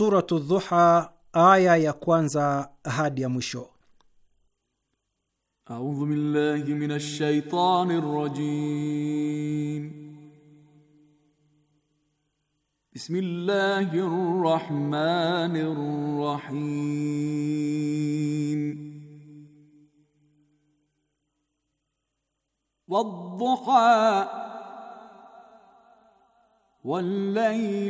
Suratu Dhuha aya ya kwanza hadi ya mwisho. A'udhu billahi minash shaitani rajim. Bismillahir rahmanir rahim. والضحى والليل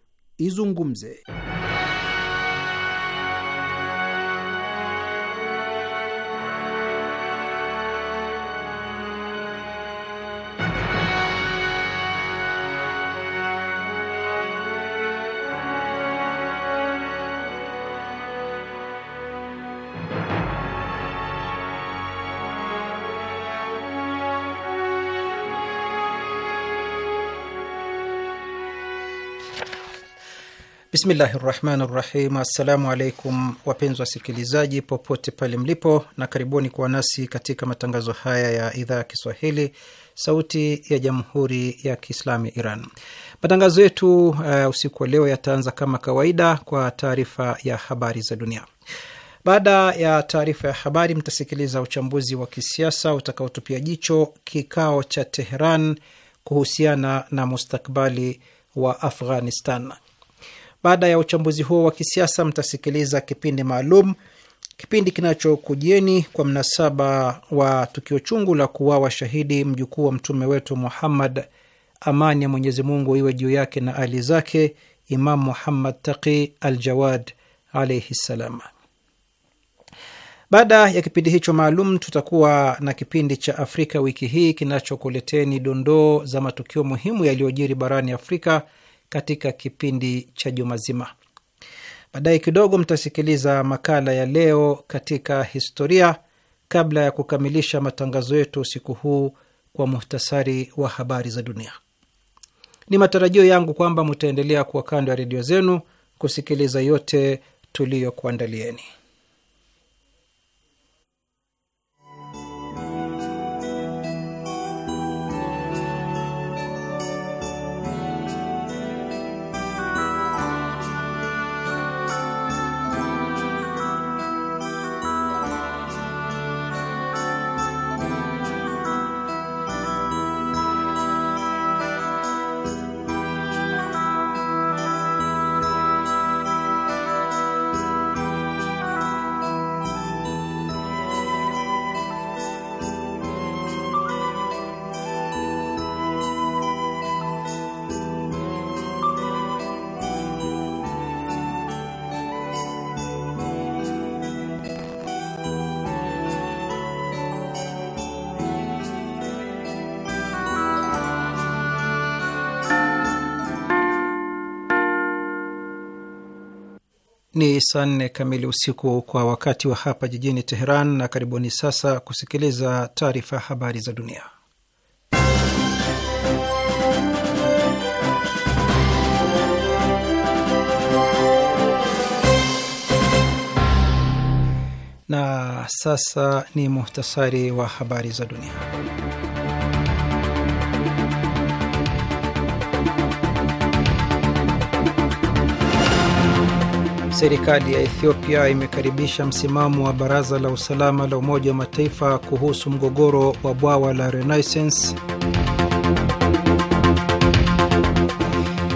izungumze. Bismillahi rahmani rahim. Assalamu alaikum wapenzi wasikilizaji popote pale mlipo, na karibuni kuwa nasi katika matangazo haya ya idhaa ya Kiswahili sauti ya jamhuri ya Kiislamu ya Iran. Matangazo yetu uh, usiku wa leo yataanza kama kawaida kwa taarifa ya habari za dunia. Baada ya taarifa ya habari, mtasikiliza uchambuzi wa kisiasa utakaotupia jicho kikao cha Teheran kuhusiana na mustakbali wa Afghanistan. Baada ya uchambuzi huo wa kisiasa, mtasikiliza kipindi maalum, kipindi kinachokujieni kwa mnasaba wa tukio chungu la kuwawa shahidi mjukuu wa mtume wetu Muhammad, amani ya Mwenyezi Mungu iwe juu yake na ali zake, Imam Muhammad Taqi al-Jawad alaihi ssalam. Baada ya kipindi hicho maalum, tutakuwa na kipindi cha Afrika wiki hii kinachokuleteni dondoo za matukio muhimu yaliyojiri barani Afrika katika kipindi cha juma zima. Baadaye kidogo mtasikiliza makala ya leo katika historia, kabla ya kukamilisha matangazo yetu usiku huu kwa muhtasari wa habari za dunia. Ni matarajio yangu kwamba mtaendelea kuwa kando ya redio zenu kusikiliza yote tuliyokuandalieni. Ni saa nne kamili usiku kwa wakati wa hapa jijini Teheran, na karibuni sasa kusikiliza taarifa ya habari za dunia. Na sasa ni muhtasari wa habari za dunia. Serikali ya Ethiopia imekaribisha msimamo wa Baraza la Usalama la Umoja wa Mataifa kuhusu mgogoro wa bwawa la Renaissance.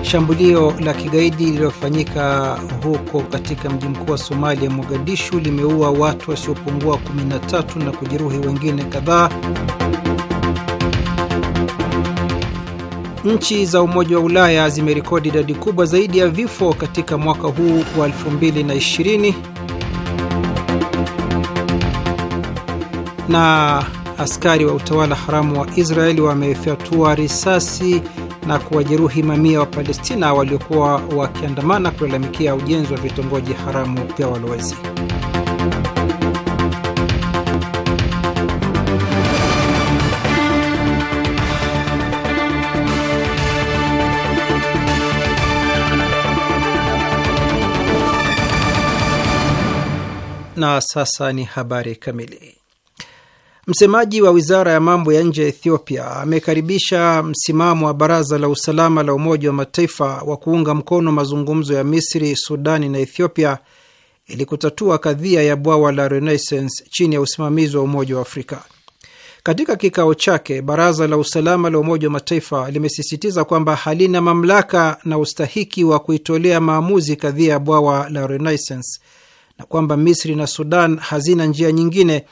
Shambulio la kigaidi lililofanyika huko katika mji mkuu wa Somalia, Mogadishu, limeua watu wasiopungua 13 na kujeruhi wengine kadhaa. Nchi za Umoja wa Ulaya zimerekodi idadi kubwa zaidi ya vifo katika mwaka huu wa 2020. Na askari wa utawala haramu wa Israeli wamefyatua risasi na kuwajeruhi mamia wa Palestina waliokuwa wakiandamana kulalamikia ujenzi wa vitongoji haramu vya walowezi. Na sasa ni habari kamili. Msemaji wa wizara ya mambo ya nje ya Ethiopia amekaribisha msimamo wa baraza la usalama la Umoja wa Mataifa wa kuunga mkono mazungumzo ya Misri, Sudani na Ethiopia ili kutatua kadhia ya bwawa la Renaissance chini ya usimamizi wa Umoja wa Afrika. Katika kikao chake, baraza la usalama la Umoja wa Mataifa limesisitiza kwamba halina mamlaka na ustahiki wa kuitolea maamuzi kadhia ya bwawa la Renaissance na kwamba Misri na Sudan hazina njia nyingine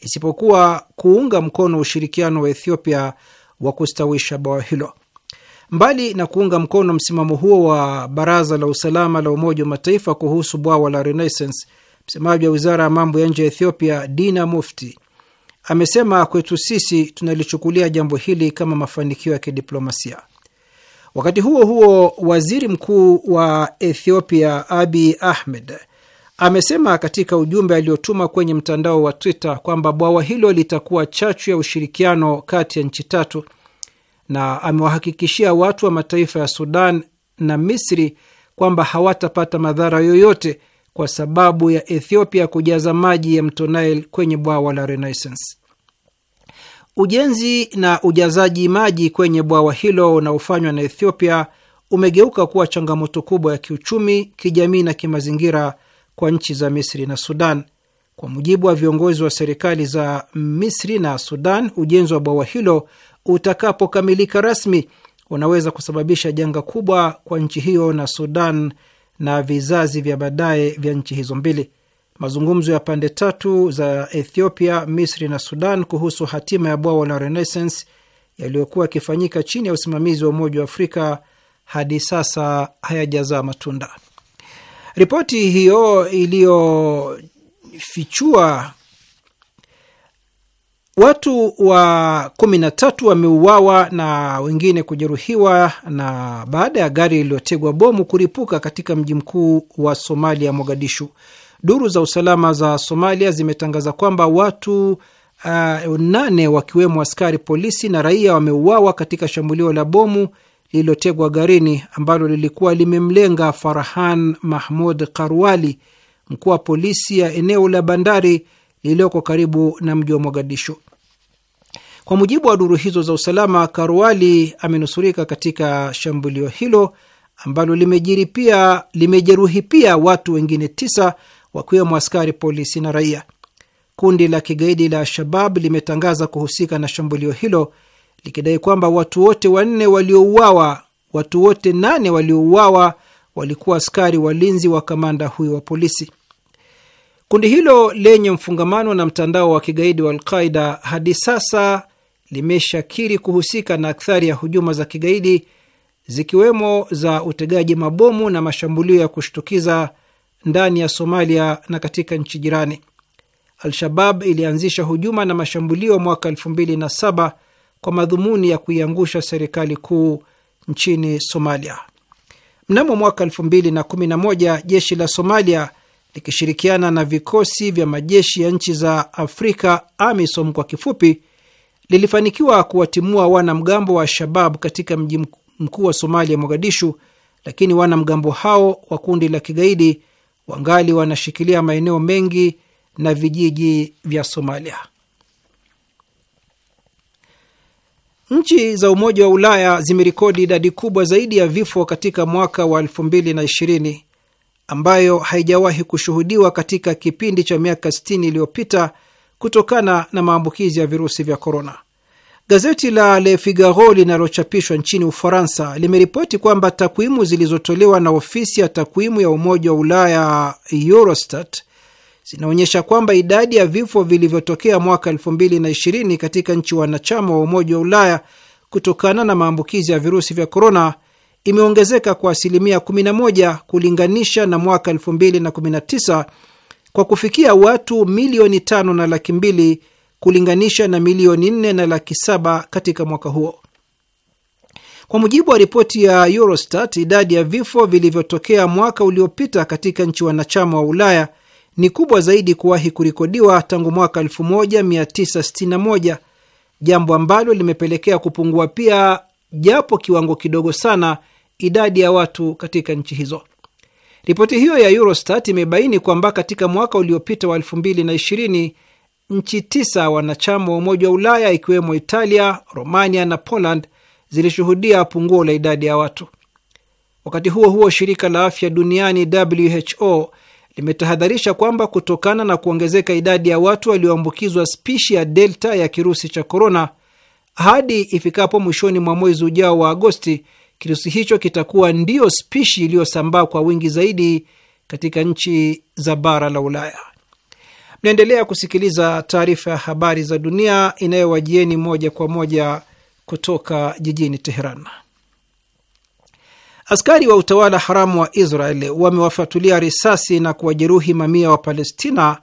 isipokuwa kuunga mkono ushirikiano wa Ethiopia wa kustawisha bwawa hilo. Mbali na kuunga mkono msimamo huo wa Baraza la Usalama la Umoja wa Mataifa kuhusu bwawa la Renaissance, msemaji wa wizara ya mambo ya nje ya Ethiopia Dina Mufti amesema kwetu sisi tunalichukulia jambo hili kama mafanikio ya kidiplomasia. Wakati huo huo, waziri mkuu wa Ethiopia Abi Ahmed amesema katika ujumbe aliotuma kwenye mtandao wa Twitter kwamba bwawa hilo litakuwa chachu ya ushirikiano kati ya nchi tatu, na amewahakikishia watu wa mataifa ya Sudan na Misri kwamba hawatapata madhara yoyote kwa sababu ya Ethiopia kujaza maji ya mto Nile kwenye bwawa la Renaissance. Ujenzi na ujazaji maji kwenye bwawa hilo unaofanywa na Ethiopia umegeuka kuwa changamoto kubwa ya kiuchumi, kijamii na kimazingira kwa nchi za Misri na Sudan. Kwa mujibu wa viongozi wa serikali za Misri na Sudan, ujenzi wa bwawa hilo utakapokamilika rasmi unaweza kusababisha janga kubwa kwa nchi hiyo na Sudan na vizazi vya baadaye vya nchi hizo mbili. Mazungumzo ya pande tatu za Ethiopia, Misri na Sudan kuhusu hatima ya bwawa la Renaissance yaliyokuwa yakifanyika chini ya usimamizi wa Umoja wa Afrika hadi sasa hayajazaa matunda. Ripoti hiyo iliyofichua watu wa kumi na tatu wameuawa na wengine kujeruhiwa na baada ya gari iliyotegwa bomu kuripuka katika mji mkuu wa Somalia, Mogadishu. Duru za usalama za Somalia zimetangaza kwamba watu uh, nane wakiwemo askari polisi na raia wameuawa katika shambulio la bomu lililotegwa garini ambalo lilikuwa limemlenga Farhan Mahmud Karwali, mkuu wa polisi ya eneo la bandari lililoko karibu na mji wa Mogadishu. Kwa mujibu wa duru hizo za usalama, Karwali amenusurika katika shambulio hilo ambalo limejiri pia limejeruhi pia watu wengine tisa wakiwemo askari polisi na raia. Kundi la kigaidi la shabab limetangaza kuhusika na shambulio hilo likidai kwamba watu wote wanne waliouawa, watu wote nane waliouawa walikuwa askari walinzi wa kamanda huyo wa polisi. Kundi hilo lenye mfungamano na mtandao wa kigaidi wa Alqaida hadi sasa limeshakiri kuhusika na akthari ya hujuma za kigaidi zikiwemo za utegaji mabomu na mashambulio ya kushtukiza ndani ya Somalia na katika nchi jirani. Al-Shabab ilianzisha hujuma na mashambulio mwaka 2007 kwa madhumuni ya kuiangusha serikali kuu nchini Somalia. Mnamo mwaka 2011 jeshi la Somalia likishirikiana na vikosi vya majeshi ya nchi za Afrika, AMISOM kwa kifupi, lilifanikiwa kuwatimua wanamgambo wa Shabab katika mji mkuu wa Somalia, Mogadishu, lakini wanamgambo hao wa kundi la kigaidi wangali wanashikilia maeneo mengi na vijiji vya Somalia. Nchi za Umoja wa Ulaya zimerekodi idadi kubwa zaidi ya vifo katika mwaka wa 2020 ambayo haijawahi kushuhudiwa katika kipindi cha miaka 60 iliyopita kutokana na maambukizi ya virusi vya korona. Gazeti la Le Figaro linalochapishwa nchini Ufaransa limeripoti kwamba takwimu zilizotolewa na ofisi ya takwimu ya Umoja wa Ulaya Eurostat zinaonyesha kwamba idadi ya vifo vilivyotokea mwaka 2020 katika nchi wanachama wa Umoja wa Ulaya kutokana na maambukizi ya virusi vya korona imeongezeka kwa asilimia 11 kulinganisha na mwaka 2019 kwa kufikia watu milioni 5 na laki mbili kulinganisha na milioni 4 na laki saba katika mwaka huo. Kwa mujibu wa ripoti ya Eurostat, idadi ya vifo vilivyotokea mwaka uliopita katika nchi wanachama wa Ulaya ni kubwa zaidi kuwahi kurikodiwa tangu mwaka 1961, jambo ambalo limepelekea kupungua pia japo kiwango kidogo sana idadi ya watu katika nchi hizo. Ripoti hiyo ya Eurostat imebaini kwamba katika mwaka uliopita wa 2020 nchi tisa wanachama wa Umoja wa Ulaya ikiwemo Italia, Romania na Poland zilishuhudia punguo la idadi ya watu. Wakati huo huo, shirika la afya duniani WHO limetahadharisha kwamba kutokana na kuongezeka idadi ya watu walioambukizwa spishi ya delta ya kirusi cha korona, hadi ifikapo mwishoni mwa mwezi ujao wa Agosti, kirusi hicho kitakuwa ndiyo spishi iliyosambaa kwa wingi zaidi katika nchi za bara la Ulaya. Mnaendelea kusikiliza taarifa ya habari za dunia inayowajieni moja kwa moja kutoka jijini Teheran. Askari wa utawala haramu wa Israel wamewafatulia risasi na kuwajeruhi mamia wa Palestina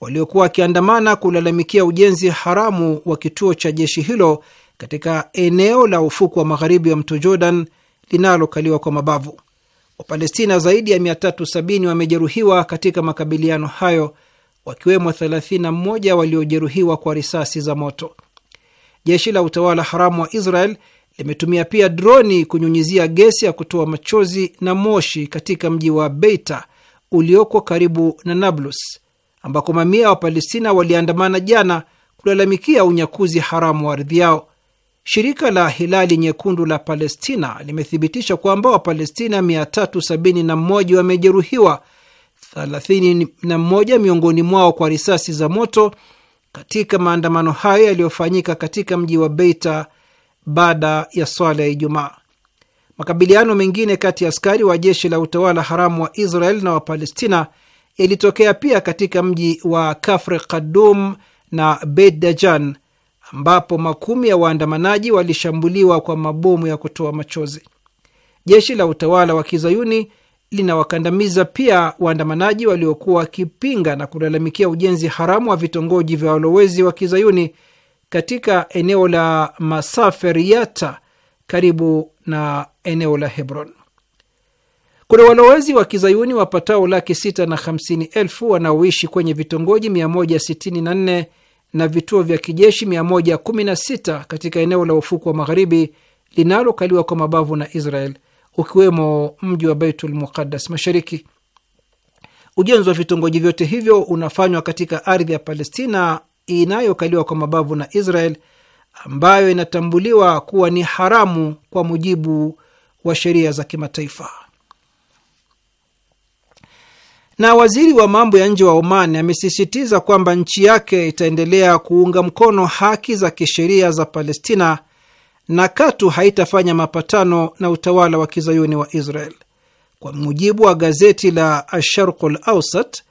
waliokuwa wakiandamana kulalamikia ujenzi haramu wa kituo cha jeshi hilo katika eneo la ufuku wa magharibi wa mto Jordan linalokaliwa kwa mabavu. Wapalestina zaidi ya 370 wamejeruhiwa katika makabiliano hayo, wakiwemo 31 waliojeruhiwa kwa risasi za moto. Jeshi la utawala haramu wa Israel limetumia pia droni kunyunyizia gesi ya kutoa machozi na moshi katika mji wa Beita ulioko karibu na Nablus, ambako mamia wa Palestina waliandamana jana kulalamikia unyakuzi haramu wa ardhi yao. Shirika la Hilali Nyekundu la Palestina limethibitisha kwamba Wapalestina 371 wamejeruhiwa, 31 miongoni mwao kwa risasi za moto katika maandamano hayo yaliyofanyika katika mji wa Beita baada ya swala ya Ijumaa. Makabiliano mengine kati ya askari wa jeshi la utawala haramu wa Israel na Wapalestina yalitokea pia katika mji wa Kafre Kadum na Beit Dajan ambapo makumi ya waandamanaji walishambuliwa kwa mabomu ya kutoa machozi. Jeshi la utawala wa kizayuni linawakandamiza pia waandamanaji waliokuwa wakipinga na kulalamikia ujenzi haramu wa vitongoji vya walowezi wa kizayuni katika eneo la Masaferiata karibu na eneo la Hebron. Kuna walowezi wa kizayuni wapatao laki sita na hamsini elfu wanaoishi kwenye vitongoji 164 na vituo vya kijeshi 116 katika eneo la ufuku wa magharibi linalokaliwa kwa mabavu na Israel, ukiwemo mji wa Baitul Muqaddas mashariki. Ujenzi wa vitongoji vyote hivyo unafanywa katika ardhi ya Palestina inayokaliwa kwa mabavu na Israel ambayo inatambuliwa kuwa ni haramu kwa mujibu wa sheria za kimataifa. Na waziri wa mambo ya nje wa Oman amesisitiza kwamba nchi yake itaendelea kuunga mkono haki za kisheria za Palestina na katu haitafanya mapatano na utawala wa kizayuni wa Israel. Kwa mujibu wa gazeti la Asharq al Awsat,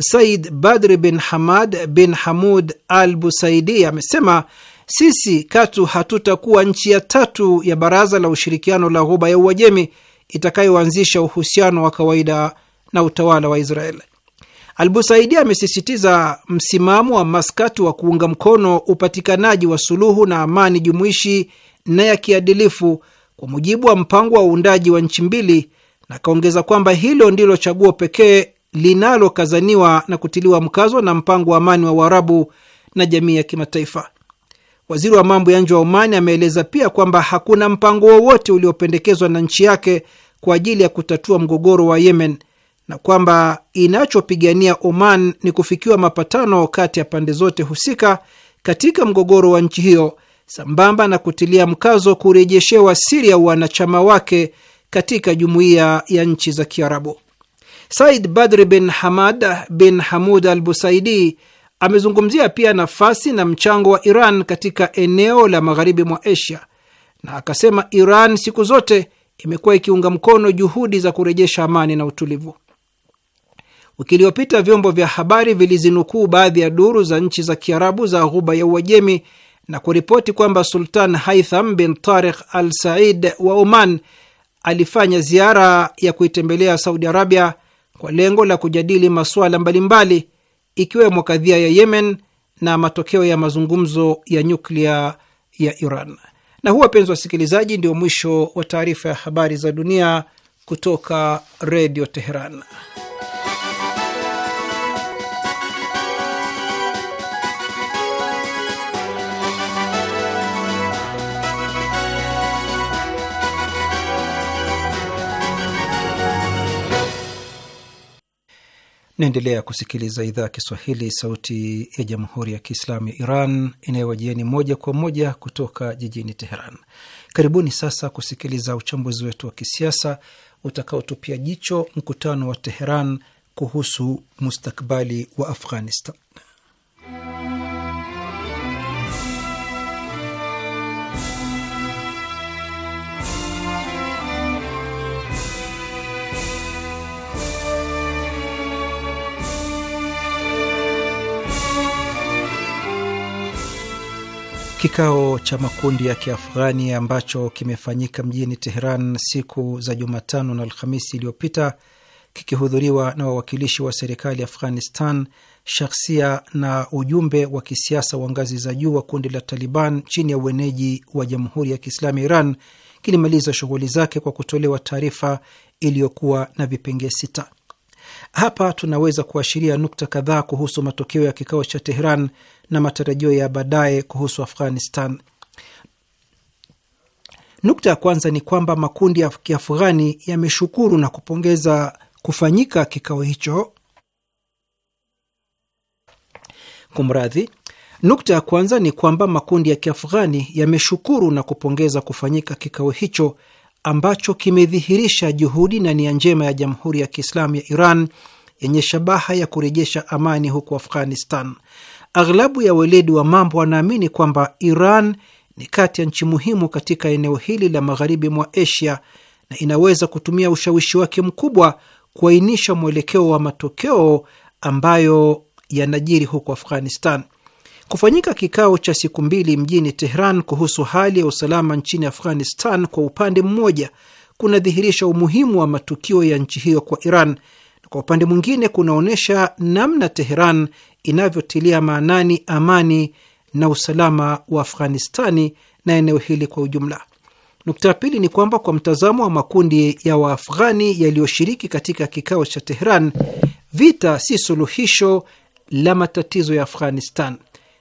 Said Badri bin Hamad bin Hamud al Busaidi amesema sisi katu hatutakuwa nchi ya tatu ya Baraza la Ushirikiano la Ghuba ya Uajemi itakayoanzisha uhusiano wa kawaida na utawala wa Al Albusaidi amesisitiza msimamo wa Maskati wa kuunga mkono upatikanaji wa suluhu na amani jumuishi na ya kiadilifu kwa mujibu wa mpango wa uundaji wa nchi mbili, na akaongeza kwamba hilo ndilo chaguo pekee linalokazaniwa na kutiliwa mkazo na mpango wa amani wa Uarabu na jamii ya kimataifa. Waziri wa mambo ya nje wa Omani ameeleza pia kwamba hakuna mpango wowote uliopendekezwa na nchi yake kwa ajili ya kutatua mgogoro wa Yemen na kwamba inachopigania Oman ni kufikiwa mapatano kati ya pande zote husika katika mgogoro wa nchi hiyo, sambamba na kutilia mkazo kurejeshewa Siria wanachama wake katika jumuiya ya nchi za Kiarabu. Said Badri bin Hamad bin Hamud al Busaidi amezungumzia pia nafasi na mchango wa Iran katika eneo la magharibi mwa Asia na akasema Iran siku zote imekuwa ikiunga mkono juhudi za kurejesha amani na utulivu. Wiki iliyopita vyombo vya habari vilizinukuu baadhi ya duru za nchi za Kiarabu za Ghuba ya Uajemi na kuripoti kwamba Sultan Haitham bin Tariq al Said wa Oman alifanya ziara ya kuitembelea Saudi Arabia kwa lengo la kujadili masuala mbalimbali ikiwemo kadhia ya Yemen na matokeo ya mazungumzo ya nyuklia ya Iran. Na huu, wapenzi wasikilizaji, ndio mwisho wa taarifa ya habari za dunia kutoka Redio Teheran. Naendelea kusikiliza idhaa ya Kiswahili, sauti ya jamhuri ya kiislamu ya Iran inayowajieni moja kwa moja kutoka jijini Teheran. Karibuni sasa kusikiliza uchambuzi wetu wa kisiasa utakaotupia jicho mkutano wa Teheran kuhusu mustakbali wa Afghanistan. Kikao cha makundi ya Kiafghani ambacho kimefanyika mjini Teheran siku za Jumatano na Alhamisi iliyopita kikihudhuriwa na wawakilishi wa serikali ya Afghanistan, shakhsia na ujumbe wa kisiasa wa ngazi za juu wa kundi la Taliban chini ya ueneji wa Jamhuri ya Kiislamu ya Iran kilimaliza shughuli zake kwa kutolewa taarifa iliyokuwa na vipengee sita. Hapa tunaweza kuashiria nukta kadhaa kuhusu matokeo ya kikao cha Teheran na matarajio ya baadaye kuhusu Afghanistan. Nukta ya kwanza ni kwamba makundi ya Kiafghani yameshukuru na kupongeza kufanyika kikao hicho. Kumradhi, nukta ya kwanza ni kwamba makundi ya Kiafghani yameshukuru na kupongeza kufanyika kikao hicho ambacho kimedhihirisha juhudi na nia njema ya Jamhuri ya Kiislamu ya Iran yenye shabaha ya kurejesha amani huko Afghanistan. Aghlabu ya weledi wa mambo wanaamini kwamba Iran ni kati ya nchi muhimu katika eneo hili la magharibi mwa Asia na inaweza kutumia ushawishi wake mkubwa kuainisha mwelekeo wa matokeo ambayo yanajiri huko Afghanistan. Kufanyika kikao cha siku mbili mjini Tehran kuhusu hali ya usalama nchini Afghanistan kwa upande mmoja kunadhihirisha umuhimu wa matukio ya nchi hiyo kwa Iran kwa upande mwingine, kunaonyesha namna Teheran inavyotilia maanani amani na usalama wa Afghanistani na eneo hili kwa ujumla. Nukta ya pili ni kwamba kwa mtazamo wa makundi ya Waafghani yaliyoshiriki katika kikao cha Teheran, vita si suluhisho la matatizo ya Afghanistan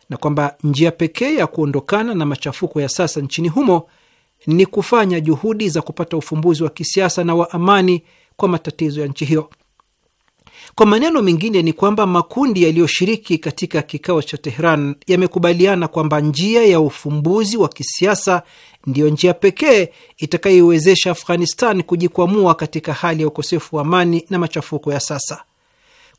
na kwamba njia pekee ya kuondokana na machafuko ya sasa nchini humo ni kufanya juhudi za kupata ufumbuzi wa kisiasa na wa amani kwa matatizo ya nchi hiyo. Kwa maneno mengine ni kwamba makundi yaliyoshiriki katika kikao cha Tehran yamekubaliana kwamba njia ya ufumbuzi wa kisiasa ndiyo njia pekee itakayoiwezesha Afghanistan kujikwamua katika hali ya ukosefu wa amani na machafuko ya sasa.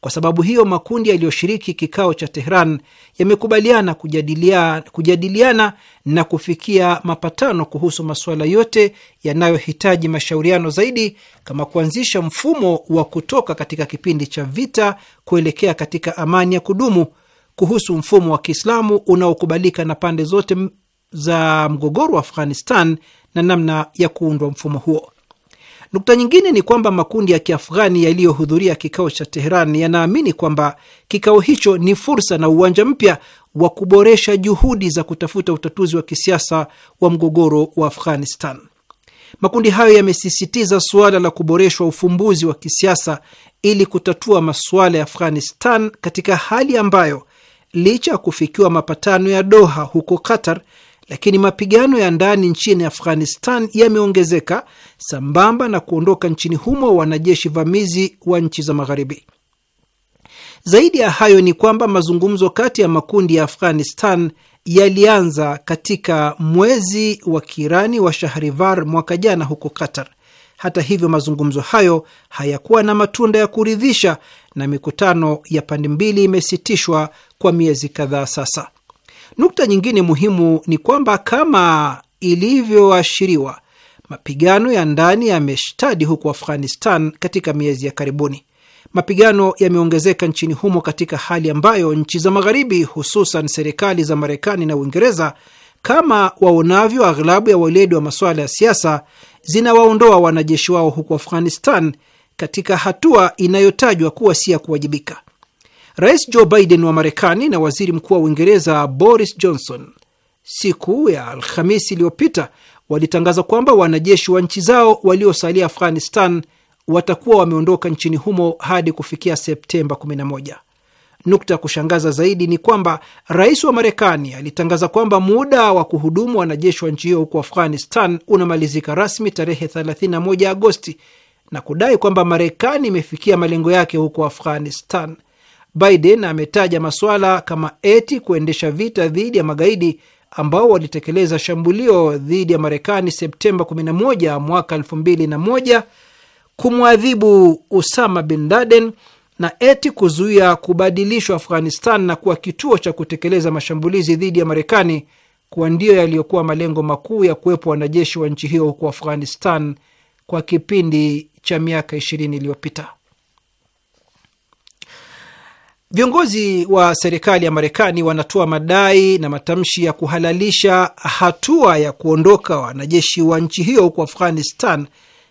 Kwa sababu hiyo makundi yaliyoshiriki kikao cha Tehran yamekubaliana kujadiliana, kujadiliana na kufikia mapatano kuhusu masuala yote yanayohitaji mashauriano zaidi kama kuanzisha mfumo wa kutoka katika kipindi cha vita kuelekea katika amani ya kudumu, kuhusu mfumo wa Kiislamu unaokubalika na pande zote za mgogoro wa Afghanistan na namna ya kuundwa mfumo huo. Nukta nyingine ni kwamba makundi ya Kiafghani yaliyohudhuria kikao cha Teheran yanaamini kwamba kikao hicho ni fursa na uwanja mpya wa kuboresha juhudi za kutafuta utatuzi wa kisiasa wa mgogoro wa Afghanistan. Makundi hayo yamesisitiza suala la kuboreshwa ufumbuzi wa kisiasa ili kutatua masuala ya Afghanistan katika hali ambayo licha ya kufikiwa mapatano ya Doha huko Qatar, lakini mapigano ya ndani nchini Afghanistan yameongezeka sambamba na kuondoka nchini humo wanajeshi vamizi wa nchi za Magharibi. Zaidi ya hayo ni kwamba mazungumzo kati ya makundi ya Afghanistan yalianza katika mwezi wa Kirani wa Shahrivar mwaka jana huko Qatar. Hata hivyo, mazungumzo hayo hayakuwa na matunda ya kuridhisha na mikutano ya pande mbili imesitishwa kwa miezi kadhaa sasa. Nukta nyingine muhimu ni kwamba kama ilivyoashiriwa Mapigano ya ndani yameshtadi huko Afghanistan katika miezi ya karibuni. Mapigano yameongezeka nchini humo katika hali ambayo nchi za Magharibi, hususan serikali za Marekani na Uingereza, kama waonavyo aghlabu ya weledi wa masuala ya siasa, zinawaondoa wanajeshi wao huko Afghanistan katika hatua inayotajwa kuwa si ya kuwajibika. Rais Joe Biden wa Marekani na waziri mkuu wa Uingereza Boris Johnson siku ya Alhamisi iliyopita walitangaza kwamba wanajeshi wa nchi zao waliosalia Afghanistan watakuwa wameondoka nchini humo hadi kufikia Septemba 11. Nukta ya kushangaza zaidi ni kwamba rais wa Marekani alitangaza kwamba muda wa kuhudumu wanajeshi wa nchi hiyo huko Afghanistan unamalizika rasmi tarehe 31 Agosti na kudai kwamba Marekani imefikia malengo yake huko Afghanistan. Biden ametaja masuala kama eti kuendesha vita dhidi ya magaidi ambao walitekeleza shambulio dhidi ya Marekani Septemba 11 mwaka 2001 kumwadhibu Usama bin Laden na eti kuzuia kubadilishwa Afghanistan na kuwa kituo cha kutekeleza mashambulizi dhidi ya Marekani kuwa ndiyo yaliyokuwa malengo makuu ya kuwepo wanajeshi wa nchi hiyo huko Afghanistan kwa kipindi cha miaka 20 iliyopita. Viongozi wa serikali ya Marekani wanatoa madai na matamshi ya kuhalalisha hatua ya kuondoka wanajeshi wa nchi hiyo huko Afghanistan,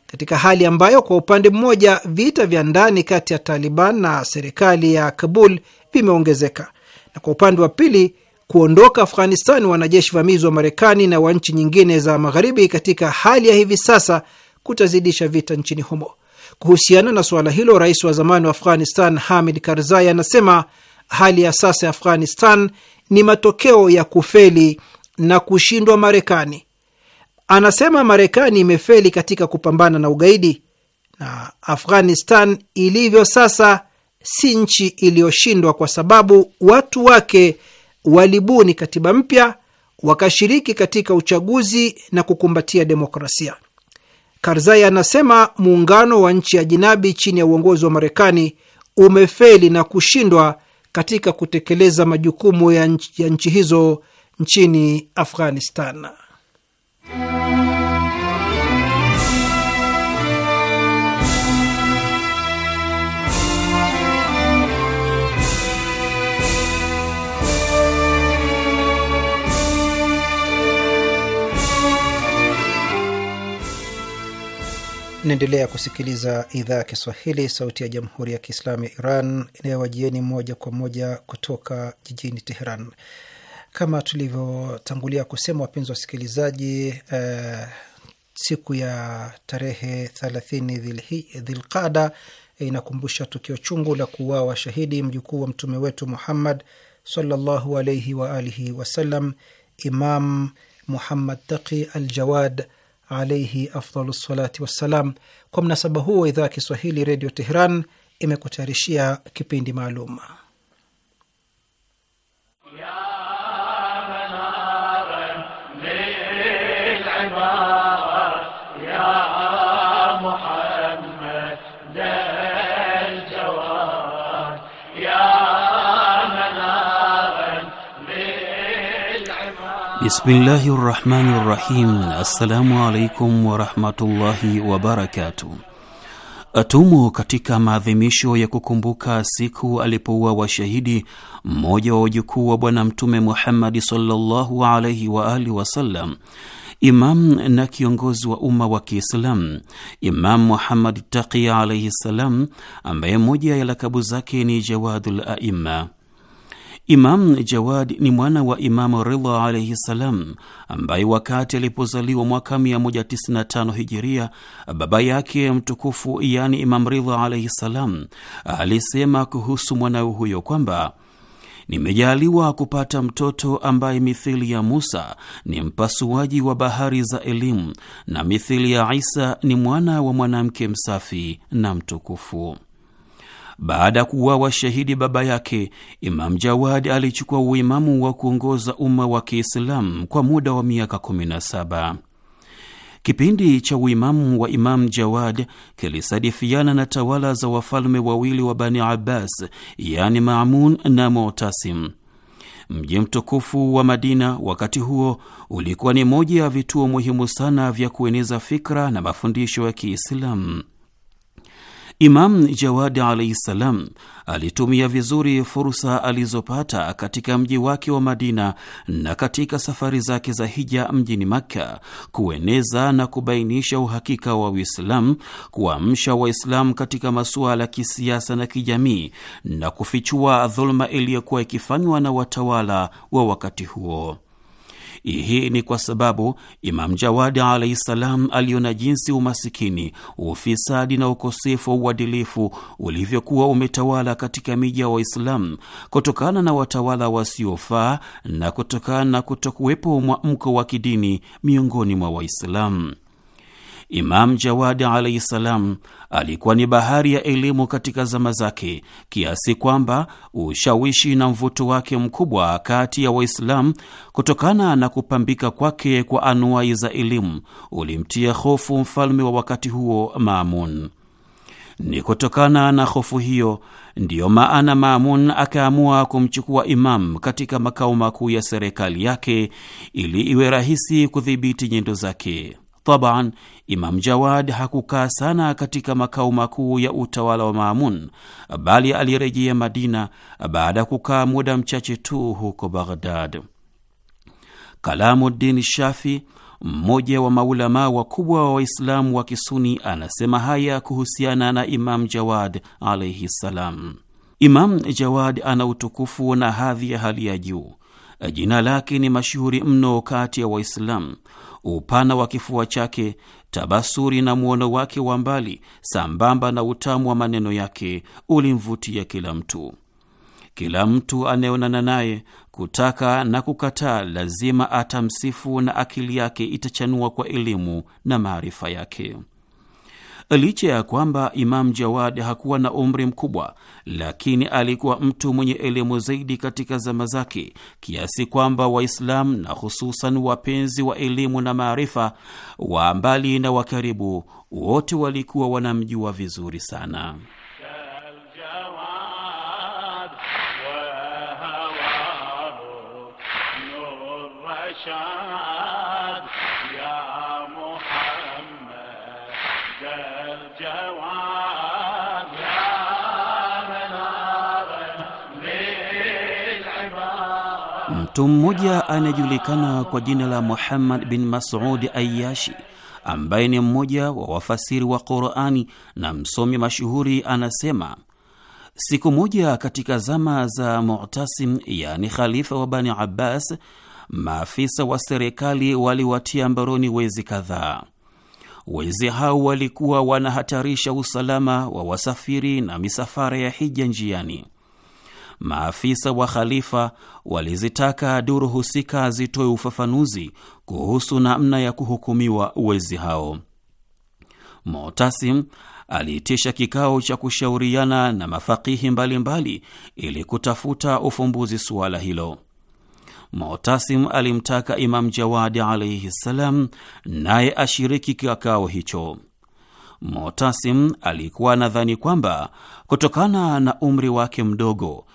katika hali ambayo kwa upande mmoja vita vya ndani kati ya Taliban na serikali ya Kabul vimeongezeka na kwa upande wa pili kuondoka Afghanistan wanajeshi vamizi wa Marekani na wa nchi nyingine za Magharibi katika hali ya hivi sasa kutazidisha vita nchini humo. Kuhusiana na suala hilo, rais wa zamani wa Afghanistan Hamid Karzai anasema hali ya sasa ya Afghanistan ni matokeo ya kufeli na kushindwa Marekani. Anasema Marekani imefeli katika kupambana na ugaidi na Afghanistan ilivyo sasa si nchi iliyoshindwa, kwa sababu watu wake walibuni katiba mpya, wakashiriki katika uchaguzi na kukumbatia demokrasia. Karzai anasema muungano wa nchi ya jinabi chini ya uongozi wa Marekani umefeli na kushindwa katika kutekeleza majukumu ya nchi, ya nchi hizo nchini Afghanistan. Naendelea kusikiliza idhaa ya Kiswahili, sauti ya jamhuri ya kiislamu ya Iran inayowajieni moja kwa moja kutoka jijini Teheran. Kama tulivyotangulia kusema, wapenzi wasikilizaji, eh, siku ya tarehe 30 Dhilqada eh, inakumbusha tukio chungu la kuuawa shahidi mjukuu wa mtume wetu Muhammad sallallahu alaihi waalihi wasallam, Imam Muhammad Taqi al Jawad alaihi afdhalu salati wassalam. Kwa mnasaba huo, idhaa ya Kiswahili Redio Teheran imekutayarishia kipindi maalum. Bismillahi rahmani rahim. Assalamu alaikum warahmatullahi wabarakatuh. Tumo katika maadhimisho ya kukumbuka siku alipouwa washahidi mmoja wa wajukuu wa Bwana Mtume Muhammadi sallallahu alaihi wa alihi wasallam Imam na kiongozi wa umma wa Kiislamu Imam Muhammad Taqi alaihi ssalam, ambaye moja ya lakabu zake ni Jawadul Aima. Imam Jawad ni mwana wa Imamu Ridha alaihi ssalam, ambaye wakati alipozaliwa mwaka 195 hijiria, baba yake mtukufu yani Imam Ridha alaihi ssalam alisema kuhusu mwanawe huyo kwamba Nimejaliwa kupata mtoto ambaye mithili ya Musa ni mpasuaji wa bahari za elimu na mithili ya Isa ni mwana wa mwanamke msafi na mtukufu. Baada ya kuuawa shahidi baba yake, Imam Jawad alichukua uimamu wa kuongoza umma wa Kiislamu kwa muda wa miaka 17. Kipindi cha uimamu wa Imam Jawad kilisadifiana na tawala za wafalme wawili wa Bani Abbas, yani Mamun na Mutasim. Mji mtukufu wa Madina wakati huo ulikuwa ni moja ya vituo muhimu sana vya kueneza fikra na mafundisho ya Kiislamu. Imam Jawadi alaihi ssalam alitumia vizuri fursa alizopata katika mji wake wa Madina na katika safari zake za hija mjini Makka kueneza na kubainisha uhakika wa Uislamu, kuamsha Waislamu katika masuala ya kisiasa na kijamii, na kufichua dhuluma iliyokuwa ikifanywa na watawala wa wakati huo. Hii ni kwa sababu Imam Jawadi alaihi salam aliona jinsi umasikini, ufisadi na ukosefu wa uadilifu ulivyokuwa umetawala katika miji ya Waislamu kutokana na watawala wasiofaa na kutokana na kutokuwepo mwamko wa kidini miongoni mwa Waislamu. Imam Jawadi alaihi salam alikuwa ni bahari ya elimu katika zama zake, kiasi kwamba ushawishi na mvuto wake mkubwa kati ya Waislamu kutokana na kupambika kwake kwa anuai za elimu ulimtia hofu mfalme wa wakati huo Maamun. Ni kutokana na hofu hiyo ndiyo maana Maamun akaamua kumchukua Imam katika makao makuu ya serikali yake ili iwe rahisi kudhibiti nyendo zake. Taban, Imam Jawad hakukaa sana katika makao makuu ya utawala wa Maamun, bali alirejea Madina baada ya kukaa muda mchache tu huko Baghdad. Kalamuddin Shafi, mmoja wa maulamaa wakubwa wa Waislamu wa Kisuni, anasema haya kuhusiana na Imam Jawad alaihi ssalam. Imam Jawad ana utukufu na hadhi ya hali ya juu. Jina lake ni mashuhuri mno kati ya Waislamu upana wa kifua chake, tabasuri na muono wake wa mbali, sambamba na utamu wa maneno yake ulimvutia kila mtu. Kila mtu anayeonana naye, kutaka na kukataa, lazima atamsifu na akili yake itachanua kwa elimu na maarifa yake. Licha ya kwamba Imam Jawad hakuwa na umri mkubwa, lakini alikuwa mtu mwenye elimu zaidi katika zama zake, kiasi kwamba Waislamu na hususan wapenzi wa elimu na maarifa wa mbali na wa karibu wote walikuwa wanamjua vizuri sana. Mtu mmoja anayejulikana kwa jina la Muhammad bin Masudi Ayashi ambaye ni mmoja wa wafasiri wa Qurani na msomi mashuhuri anasema, siku moja katika zama za Mutasim, yani khalifa wa Bani Abbas, maafisa wa serikali waliwatia mbaroni wezi kadhaa. Wezi hao walikuwa wanahatarisha usalama wa wasafiri na misafara ya hija njiani maafisa wa khalifa walizitaka duru husika zitoe ufafanuzi kuhusu namna ya kuhukumiwa wezi hao. Motasim aliitisha kikao cha kushauriana na mafakihi mbalimbali mbali ili kutafuta ufumbuzi suala hilo. Motasim alimtaka Imam Jawadi alaihi ssalam naye ashiriki kikao hicho. Motasim alikuwa nadhani kwamba kutokana na umri wake mdogo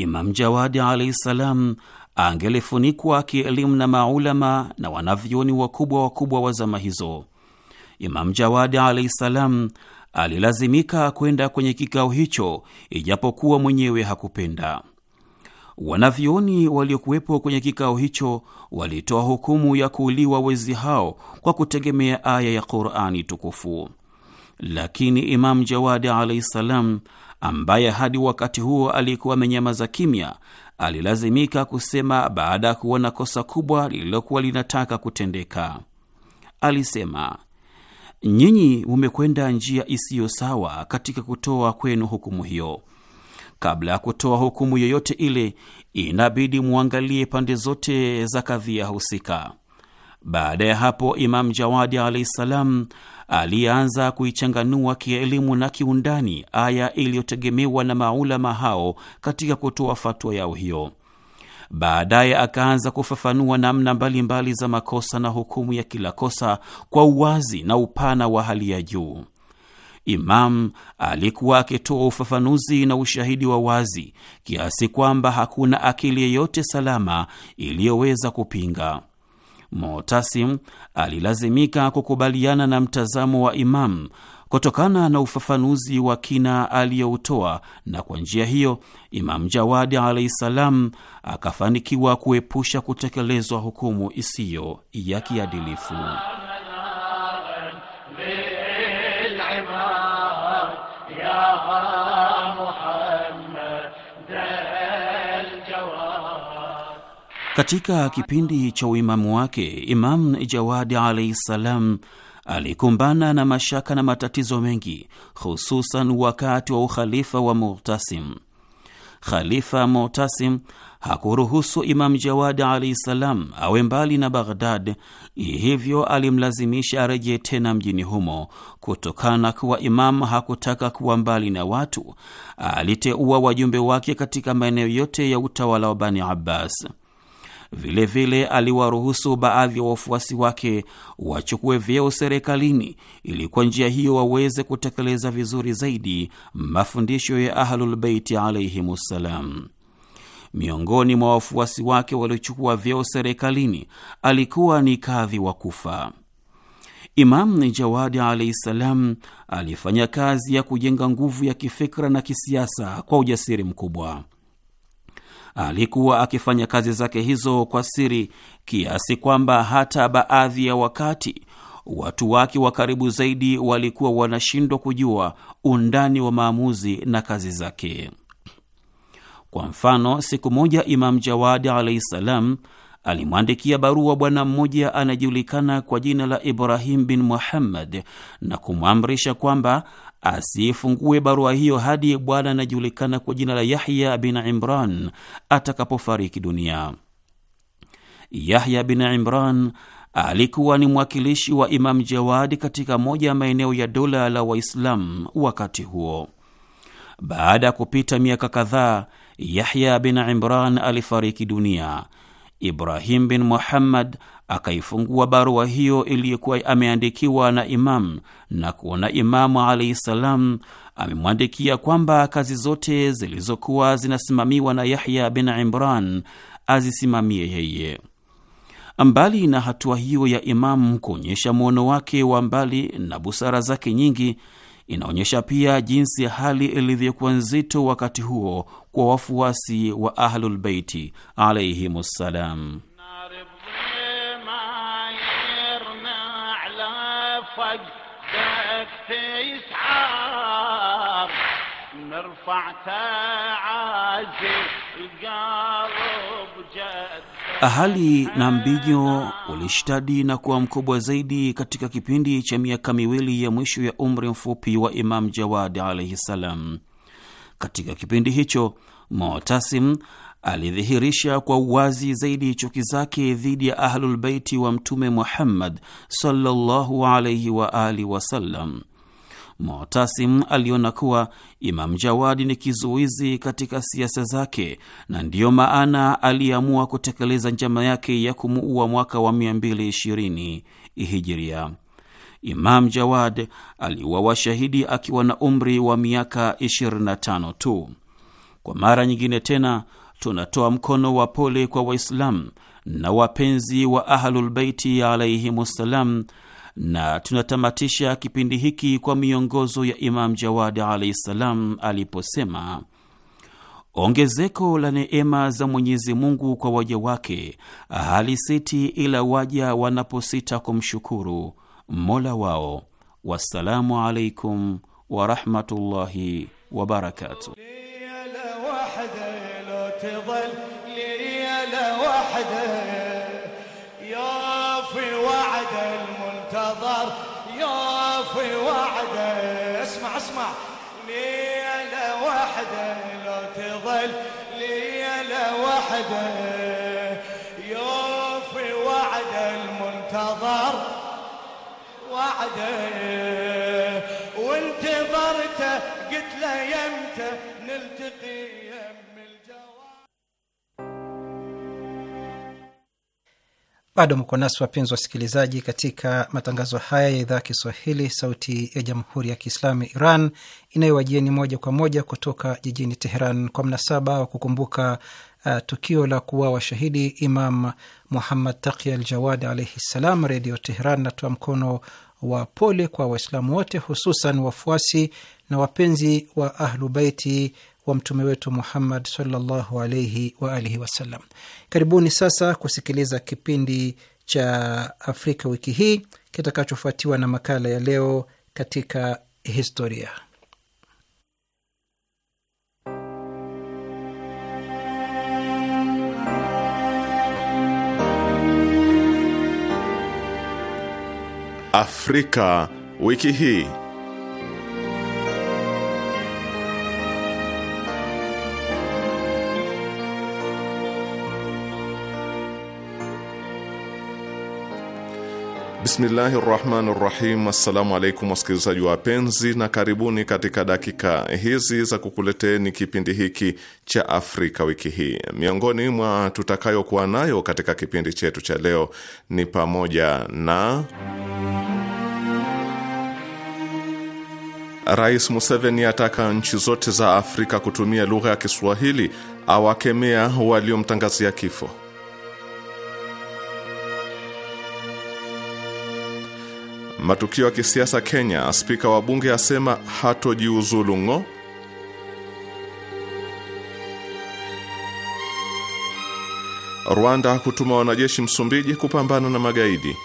Imam Jawadi alaihi ssalam angelifunikwa kielimu na maulama na wanavyoni wakubwa wakubwa wa zama hizo. Imam Jawadi alaihi ssalam alilazimika kwenda kwenye kikao hicho, ijapokuwa mwenyewe hakupenda. Wanavyoni waliokuwepo kwenye kikao hicho walitoa hukumu ya kuuliwa wezi hao kwa kutegemea aya ya Qur'ani tukufu, lakini Imam Jawadi alaihi ssalam ambaye hadi wakati huo alikuwa amenyamaza kimya, alilazimika kusema baada ya kuona kosa kubwa lililokuwa linataka kutendeka. Alisema, nyinyi mumekwenda njia isiyo sawa katika kutoa kwenu hukumu hiyo. Kabla ya kutoa hukumu yoyote ile, inabidi mwangalie pande zote za kadhia husika. Baada ya hapo, Imam Jawadi alaihi ssalam alianza kuichanganua kielimu na kiundani aya iliyotegemewa na maulama hao katika kutoa fatwa yao hiyo. Baadaye akaanza kufafanua namna mbalimbali za makosa na hukumu ya kila kosa kwa uwazi na upana wa hali ya juu. Imam alikuwa akitoa ufafanuzi na ushahidi wa wazi kiasi kwamba hakuna akili yeyote salama iliyoweza kupinga. Motasim alilazimika kukubaliana na mtazamo wa Imam kutokana na ufafanuzi wa kina aliyoutoa, na kwa njia hiyo Imam Jawadi alaihi salam akafanikiwa kuepusha kutekelezwa hukumu isiyo ya kiadilifu. Katika kipindi cha uimamu wake Imam Jawadi alaihi ssalam alikumbana na mashaka na matatizo mengi, hususan wakati wa ukhalifa wa Mutasim. Khalifa Mutasim hakuruhusu Imam Jawadi alaihi ssalam awe mbali na Baghdad, hivyo alimlazimisha arejee tena mjini humo. Kutokana kuwa Imam hakutaka kuwa mbali na watu, aliteua wajumbe wake katika maeneo yote ya utawala wa Bani Abbas. Vilevile aliwaruhusu baadhi ya wafuasi wake wachukue vyeo serikalini ili kwa njia hiyo waweze kutekeleza vizuri zaidi mafundisho ya Ahlulbeiti ssalam Miongoni mwa wafuasi wake waliochukua vyeo serikalini alikuwa ni kadhi wa Kufa. Imam Jawadi alaihi salam alifanya kazi ya kujenga nguvu ya kifikra na kisiasa kwa ujasiri mkubwa alikuwa akifanya kazi zake hizo kwa siri, kiasi kwamba hata baadhi ya wakati watu wake wa karibu zaidi walikuwa wanashindwa kujua undani wa maamuzi na kazi zake. Kwa mfano, siku moja Imam Jawadi alaihi salam alimwandikia barua bwana mmoja anayejulikana kwa jina la Ibrahim bin Muhammad na kumwamrisha kwamba asiifungue barua hiyo hadi bwana anajulikana kwa jina la Yahya bin Imran atakapofariki dunia. Yahya bin Imran alikuwa ni mwakilishi wa Imam Jawadi katika moja ya maeneo ya dola la Waislamu wakati huo. Baada ya kupita miaka kadhaa, Yahya bin Imran alifariki dunia. Ibrahim bin Muhammad akaifungua barua hiyo iliyokuwa ameandikiwa na imamu na kuona imamu alaihi ssalam amemwandikia kwamba kazi zote zilizokuwa zinasimamiwa na Yahya bin Imran azisimamie yeye. Mbali na hatua hiyo ya imamu kuonyesha mwono wake wa mbali na busara zake nyingi, inaonyesha pia jinsi hali ilivyokuwa nzito wakati huo kwa wafuasi wa Ahlulbeiti alaihimussalam. وجدك تسعار نرفع تعازي قلب جد Ahali na Mbijo ulishtadi na kuwa mkubwa zaidi katika kipindi cha miaka miwili ya mwisho ya umri mfupi wa Imam Jawadi alaihi salam. Katika kipindi hicho Motasim alidhihirisha kwa uwazi zaidi chuki zake dhidi ya Ahlulbeiti wa Mtume Muhammad sallallahu alaihi wa wasallam. Mutasim aliona kuwa Imam Jawadi ni kizuizi katika siasa zake, na ndiyo maana aliamua kutekeleza njama yake ya kumuua mwaka wa 220 hijiria. Imam Jawad aliuawa shahidi akiwa na umri wa miaka 25 tu. Kwa mara nyingine tena tunatoa mkono wa pole kwa Waislamu na wapenzi wa Ahlulbeiti alaihimussalam, na tunatamatisha kipindi hiki kwa miongozo ya Imam Jawadi alaihi ssalam aliposema: Ongezeko la neema za Mwenyezi Mungu kwa waja wake halisiti ila waja wanaposita kumshukuru mola wao. Wassalamu alaikum warahmatullahi wabarakatuh. تظل ليلة وحدة يوفي وعد المنتظر يوفي وعده اسمع اسمع ليلة وحدة لو تظل ليلة وحدة يوفي وعد المنتظر وعده وانتظرته قلت له يمته نلتقي يم الجو Bado mko nasi wapenzi wasikilizaji, katika matangazo haya ya idhaa ya Kiswahili, Sauti ya Jamhuri ya Kiislamu Iran inayowajieni moja kwa moja kutoka jijini Teheran kwa mnasaba wa kukumbuka uh, tukio la kuwa shahidi Imam Muhammad Taqi al Jawad alaihi ssalam. Redio Teheran natoa mkono wa pole kwa Waislamu wote, hususan wafuasi na wapenzi wa Ahlubeiti wa mtume wetu Muhammad sallallahu alaihi wa alihi wasallam. Karibuni sasa kusikiliza kipindi cha Afrika wiki hii kitakachofuatiwa na makala ya leo katika historia. Afrika wiki hii. Bismillahi rahmani rahim. Assalamu alaikum wasikilizaji wapenzi, na karibuni katika dakika hizi za kukuleteni kipindi hiki cha Afrika wiki hii. Miongoni mwa tutakayokuwa nayo katika kipindi chetu cha leo ni pamoja na Rais Museveni ataka nchi zote za Afrika kutumia lugha ya Kiswahili, awakemea waliomtangazia kifo Matukio ya kisiasa Kenya, spika wa bunge asema hatojiuzulu ng'o. Rwanda kutuma wanajeshi Msumbiji kupambana na magaidi.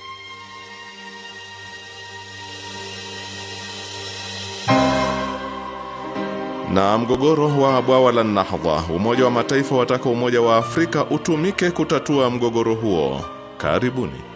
Na mgogoro wa bwawa la Nahdha, Umoja wa Mataifa wataka Umoja wa Afrika utumike kutatua mgogoro huo. Karibuni.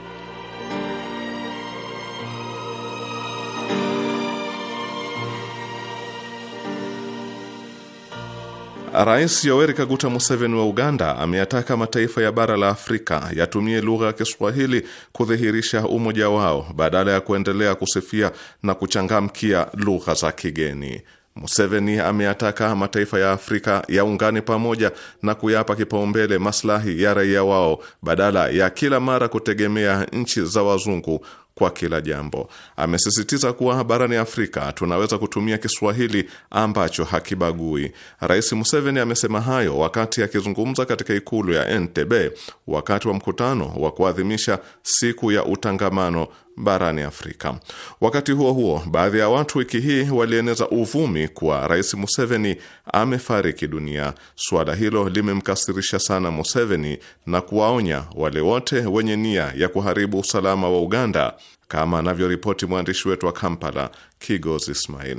Rais Yoweri Kaguta Museveni wa Uganda ameyataka mataifa ya bara la Afrika yatumie lugha ya Kiswahili kudhihirisha umoja wao badala ya kuendelea kusifia na kuchangamkia lugha za kigeni. Museveni ameyataka mataifa ya Afrika yaungane pamoja na kuyapa kipaumbele maslahi ya raia wao badala ya kila mara kutegemea nchi za wazungu kwa kila jambo. Amesisitiza kuwa barani Afrika tunaweza kutumia Kiswahili ambacho hakibagui. Rais Museveni amesema hayo wakati akizungumza katika ikulu ya Entebbe wakati wa mkutano wa kuadhimisha siku ya utangamano barani Afrika. Wakati huo huo, baadhi ya watu wiki hii walieneza uvumi kuwa Rais Museveni amefariki dunia. Suala hilo limemkasirisha sana Museveni na kuwaonya wale wote wenye nia ya kuharibu usalama wa Uganda, kama anavyoripoti mwandishi wetu wa Kampala, Kigozi Ismail.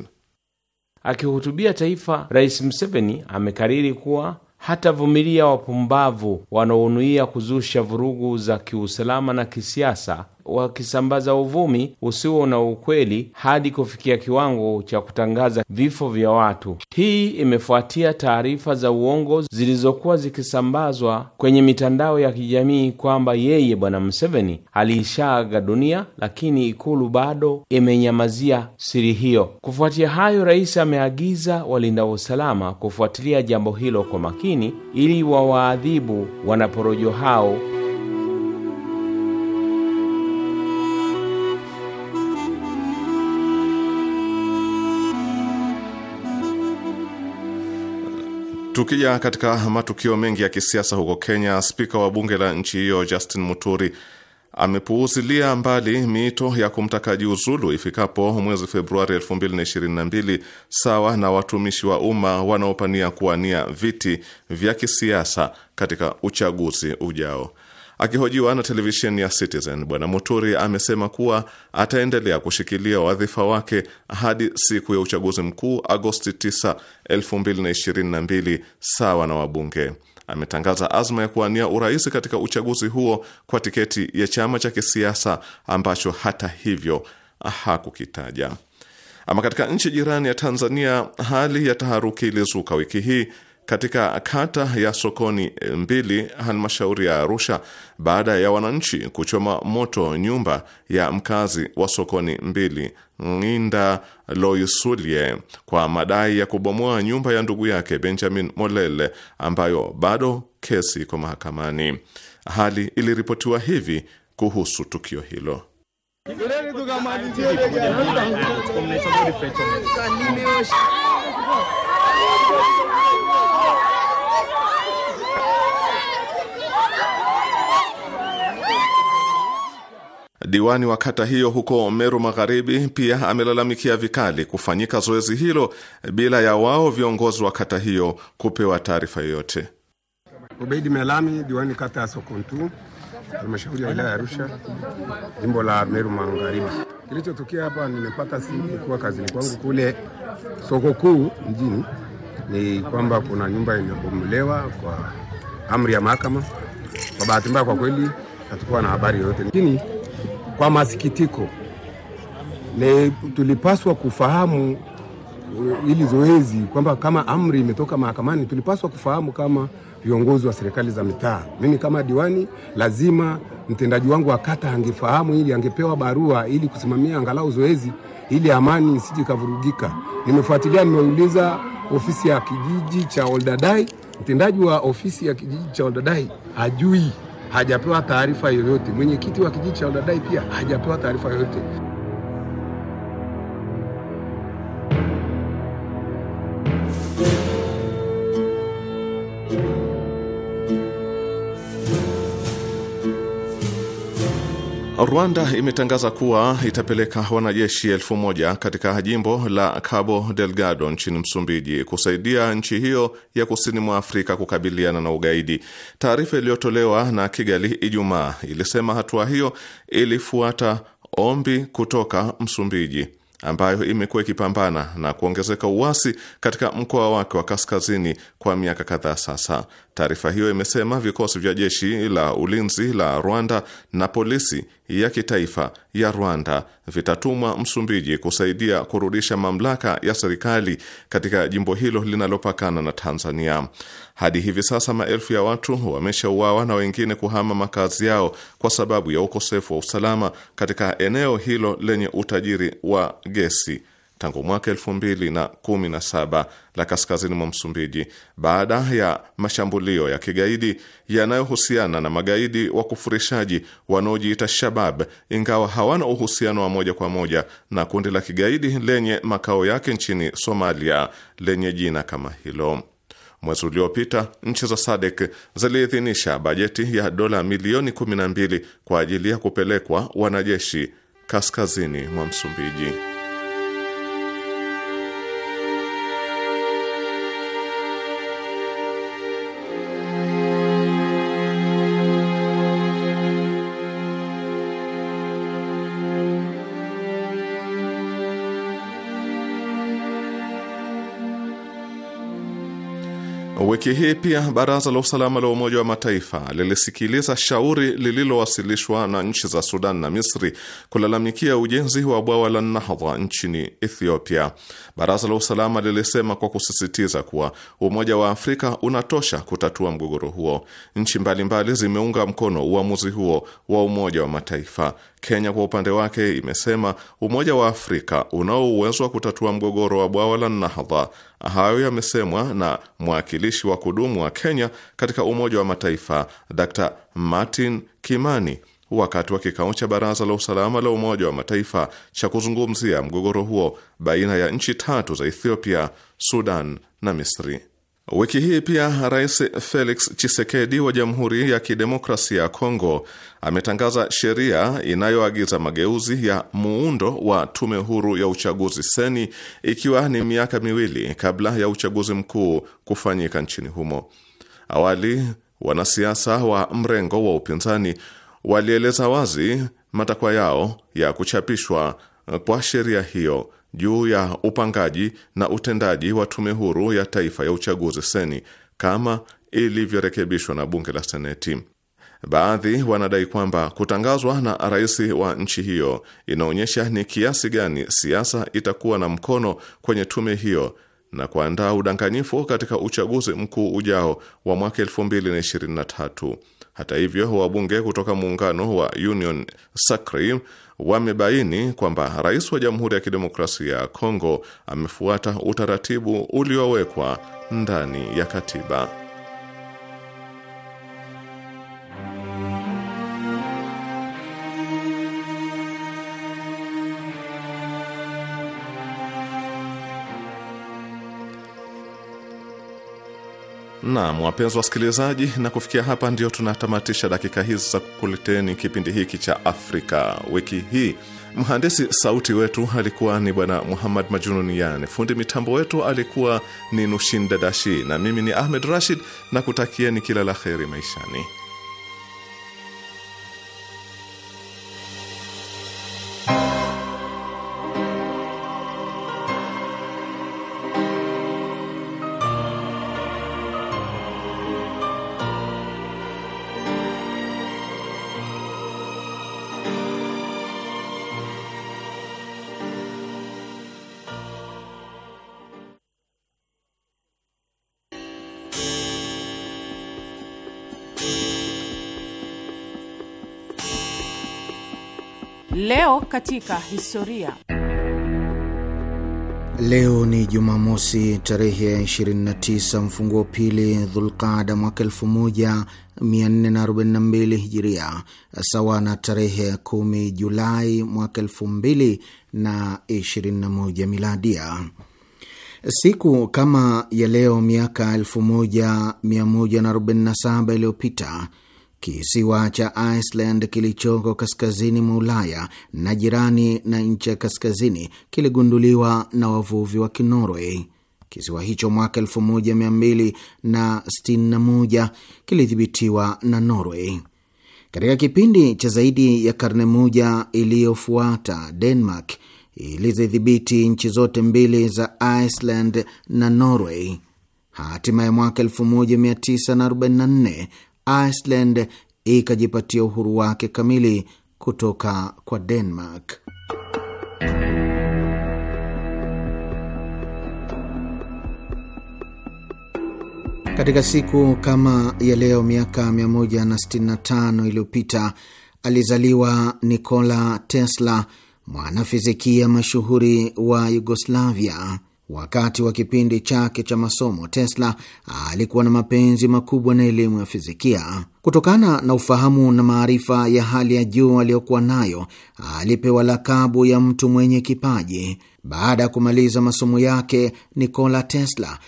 Akihutubia taifa, Rais Museveni amekariri kuwa hatavumilia wapumbavu wanaonuia kuzusha vurugu za kiusalama na kisiasa wakisambaza uvumi usio na ukweli hadi kufikia kiwango cha kutangaza vifo vya watu. Hii imefuatia taarifa za uongo zilizokuwa zikisambazwa kwenye mitandao ya kijamii kwamba yeye Bwana Museveni aliishaaga dunia, lakini Ikulu bado imenyamazia siri hiyo. Kufuatia hayo, rais ameagiza walinda usalama kufuatilia jambo hilo kwa makini ili wawaadhibu wanaporojo hao. Tukija katika matukio mengi ya kisiasa huko Kenya, spika wa bunge la nchi hiyo Justin Muturi amepuuzilia mbali miito ya kumtaka jiuzulu ifikapo mwezi Februari 2022 sawa na watumishi wa umma wanaopania kuwania viti vya kisiasa katika uchaguzi ujao. Akihojiwa na televisheni ya Citizen, Bwana Muturi amesema kuwa ataendelea kushikilia wadhifa wake hadi siku ya uchaguzi mkuu Agosti 9, 2022 sawa na wabunge. Ametangaza azma ya kuwania urais katika uchaguzi huo kwa tiketi ya chama cha kisiasa ambacho hata hivyo hakukitaja. Ama katika nchi jirani ya Tanzania, hali ya taharuki ilizuka wiki hii katika kata ya Sokoni e, mbili halmashauri ya Arusha baada ya wananchi kuchoma moto nyumba ya mkazi wa Sokoni mbili Ng'inda Loisulie kwa madai ya kubomoa nyumba ya ndugu yake Benjamin Molele ambayo bado kesi iko mahakamani. Hali iliripotiwa hivi kuhusu tukio hilo. Diwani wa kata hiyo huko Meru Magharibi pia amelalamikia vikali kufanyika zoezi hilo bila ya wao viongozi wa kata hiyo kupewa taarifa yoyote. Ubeidi Melami, diwani kata ya Sokontu, halmashauri ya wilaya ya Arusha, jimbo la Meru Magharibi. Kilichotokea hapa, nimepata simu kuwa kazini kwangu kule soko kuu mjini, ni kwamba kuna nyumba imebomolewa kwa amri ya mahakama. Kwa bahati mbaya, kwa kweli hatukuwa na habari yoyote, lakini kwa masikitiko le, tulipaswa kufahamu hili uh, zoezi kwamba kama amri imetoka mahakamani, tulipaswa kufahamu kama viongozi wa serikali za mitaa. Mimi kama diwani, lazima mtendaji wangu wa kata angefahamu ili angepewa barua ili kusimamia angalau zoezi ili amani isije kavurugika. Nimefuatilia, nimeuliza ofisi ya kijiji cha Oldadai, mtendaji wa ofisi ya kijiji cha Oldadai hajui hajapewa taarifa yoyote. Mwenyekiti wa kijiji cha Oldadai pia hajapewa taarifa yoyote. Rwanda imetangaza kuwa itapeleka wanajeshi elfu moja katika jimbo la Cabo Delgado nchini Msumbiji kusaidia nchi hiyo ya kusini mwa Afrika kukabiliana na ugaidi. Taarifa iliyotolewa na Kigali Ijumaa ilisema hatua hiyo ilifuata ombi kutoka Msumbiji ambayo imekuwa ikipambana na kuongezeka uasi katika mkoa wake wa kaskazini kwa miaka kadhaa sasa. Taarifa hiyo imesema vikosi vya jeshi la ulinzi la Rwanda na polisi ya kitaifa ya Rwanda vitatumwa Msumbiji kusaidia kurudisha mamlaka ya serikali katika jimbo hilo linalopakana na Tanzania. Hadi hivi sasa maelfu ya watu wameshauawa na wengine kuhama makazi yao kwa sababu ya ukosefu wa usalama katika eneo hilo lenye utajiri wa gesi tangu mwaka elfu mbili na kumi na saba la kaskazini mwa Msumbiji baada ya mashambulio ya kigaidi yanayohusiana na magaidi wa kufurishaji wanaojiita Shabab, ingawa hawana uhusiano wa moja kwa moja na kundi la kigaidi lenye makao yake nchini Somalia lenye jina kama hilo. Mwezi uliopita nchi za SADC ziliidhinisha bajeti ya dola milioni 12 kwa ajili ya kupelekwa wanajeshi kaskazini mwa Msumbiji. Wiki hii pia baraza la usalama la Umoja wa Mataifa lilisikiliza shauri lililowasilishwa na nchi za Sudan na Misri kulalamikia ujenzi wa bwawa la Nahdha nchini Ethiopia. Baraza la usalama lilisema kwa kusisitiza kuwa Umoja wa Afrika unatosha kutatua mgogoro huo. Nchi mbalimbali zimeunga mkono uamuzi huo wa Umoja wa Mataifa. Kenya kwa upande wake imesema Umoja wa Afrika unao uwezo wa kutatua mgogoro wa bwawa la Nahdha. Hayo yamesemwa na mwakilishi wa kudumu wa Kenya katika Umoja wa Mataifa Dr Martin Kimani wakati wa kikao cha Baraza la Usalama la Umoja wa Mataifa cha kuzungumzia mgogoro huo baina ya nchi tatu za Ethiopia, Sudan na Misri. Wiki hii pia Rais Felix Chisekedi wa Jamhuri ya Kidemokrasia ya Kongo ametangaza sheria inayoagiza mageuzi ya muundo wa tume huru ya uchaguzi seni ikiwa ni miaka miwili kabla ya uchaguzi mkuu kufanyika nchini humo. Awali wanasiasa wa mrengo wa upinzani walieleza wazi matakwa yao ya kuchapishwa kwa sheria hiyo juu ya upangaji na utendaji wa tume huru ya taifa ya uchaguzi seni kama ilivyorekebishwa na bunge la seneti. Baadhi wanadai kwamba kutangazwa na rais wa nchi hiyo inaonyesha ni kiasi gani siasa itakuwa na mkono kwenye tume hiyo na kuandaa udanganyifu katika uchaguzi mkuu ujao wa mwaka hata hivyo, wabunge kutoka muungano wa Union Sacre wamebaini kwamba rais wa Jamhuri ya Kidemokrasia ya Kongo amefuata utaratibu uliowekwa ndani ya katiba. Naam, wapenzi wasikilizaji, na kufikia hapa ndio tunatamatisha dakika hizi za kukuleteni kipindi hiki cha Afrika wiki hii. Mhandisi sauti wetu alikuwa ni Bwana Muhammad yani fundi mitambo wetu alikuwa ni Nushin Dadashi, na mimi ni Ahmed Rashid na kutakieni kila la heri maishani. katika historia. Leo ni Jumamosi tarehe ya 29 mfunguo pili Dhulqada mwaka 1442 Hijiria, sawa na tarehe 10 Julai mwaka 2021 Miladia. Siku kama ya leo miaka 1147 iliyopita Kisiwa cha Iceland kilichoko kaskazini mwa Ulaya na jirani na nchi ya kaskazini kiligunduliwa na wavuvi wa Kinorway. Kisiwa hicho mwaka 1261 kilidhibitiwa na Norway. Katika kipindi cha zaidi ya karne moja iliyofuata, Denmark ilizidhibiti nchi zote mbili za Iceland na Norway. hatima ya mwaka 1944 Iceland ikajipatia uhuru wake kamili kutoka kwa Denmark. Katika siku kama ya leo miaka 165 iliyopita alizaliwa Nikola Tesla, mwanafizikia mashuhuri wa Yugoslavia. Wakati wa kipindi chake cha masomo, Tesla alikuwa na mapenzi makubwa na elimu ya fizikia. Kutokana na ufahamu na maarifa ya hali ya juu aliyokuwa nayo, alipewa lakabu ya mtu mwenye kipaji. Baada ya kumaliza masomo yake, Nikola Tesla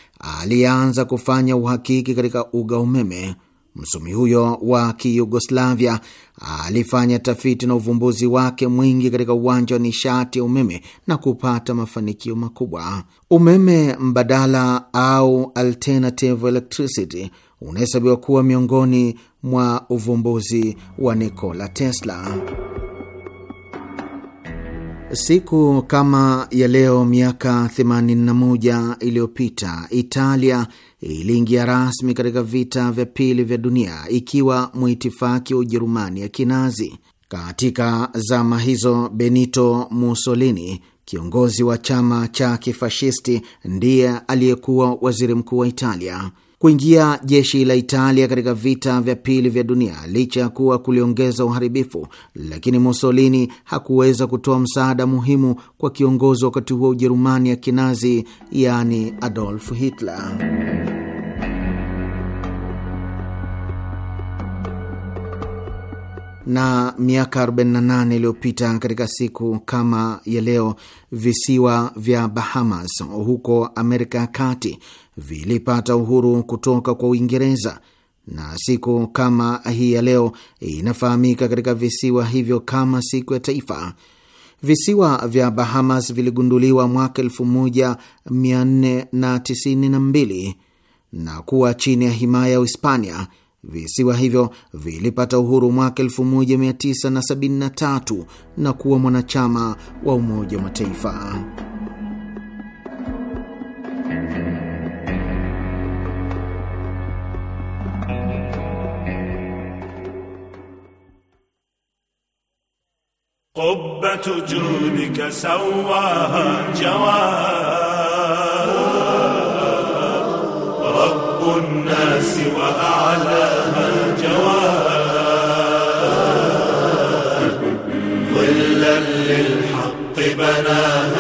alianza kufanya uhakiki katika uga umeme. Msomi huyo wa Kiyugoslavia alifanya tafiti na uvumbuzi wake mwingi katika uwanja wa nishati ya umeme na kupata mafanikio makubwa. Umeme mbadala au alternative electricity unahesabiwa kuwa miongoni mwa uvumbuzi wa Nikola Tesla. Siku kama ya leo miaka 81 iliyopita Italia iliingia rasmi katika vita vya pili vya dunia ikiwa mwitifaki wa Ujerumani ya Kinazi. Katika zama hizo, Benito Mussolini, kiongozi wa chama cha kifashisti, ndiye aliyekuwa waziri mkuu wa Italia kuingia jeshi la Italia katika vita vya pili vya dunia. Licha ya kuwa kuliongeza uharibifu, lakini Mussolini hakuweza kutoa msaada muhimu kwa kiongozi wakati huo Ujerumani ya kinazi, yaani Adolf Hitler. na miaka 48 iliyopita katika siku kama ya leo, visiwa vya Bahamas huko Amerika ya Kati vilipata uhuru kutoka kwa Uingereza, na siku kama hii ya leo inafahamika katika visiwa hivyo kama siku ya taifa. Visiwa vya Bahamas viligunduliwa mwaka 1492 na kuwa chini ya himaya ya Uhispania. Visiwa hivyo vilipata uhuru mwaka 1973 na kuwa mwanachama wa Umoja wa Mataifa. قبة جودك سواها جواب رب الناس وأعلاها جواب ظلا للحق بناها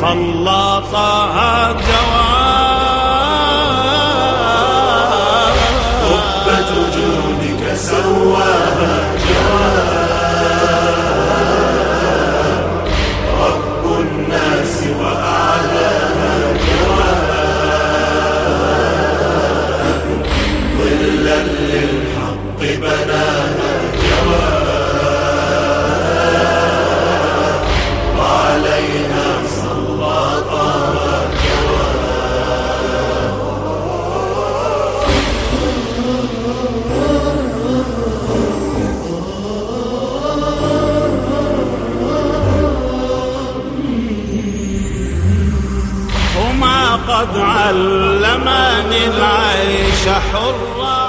صلى طه جواب علمني العيش حرا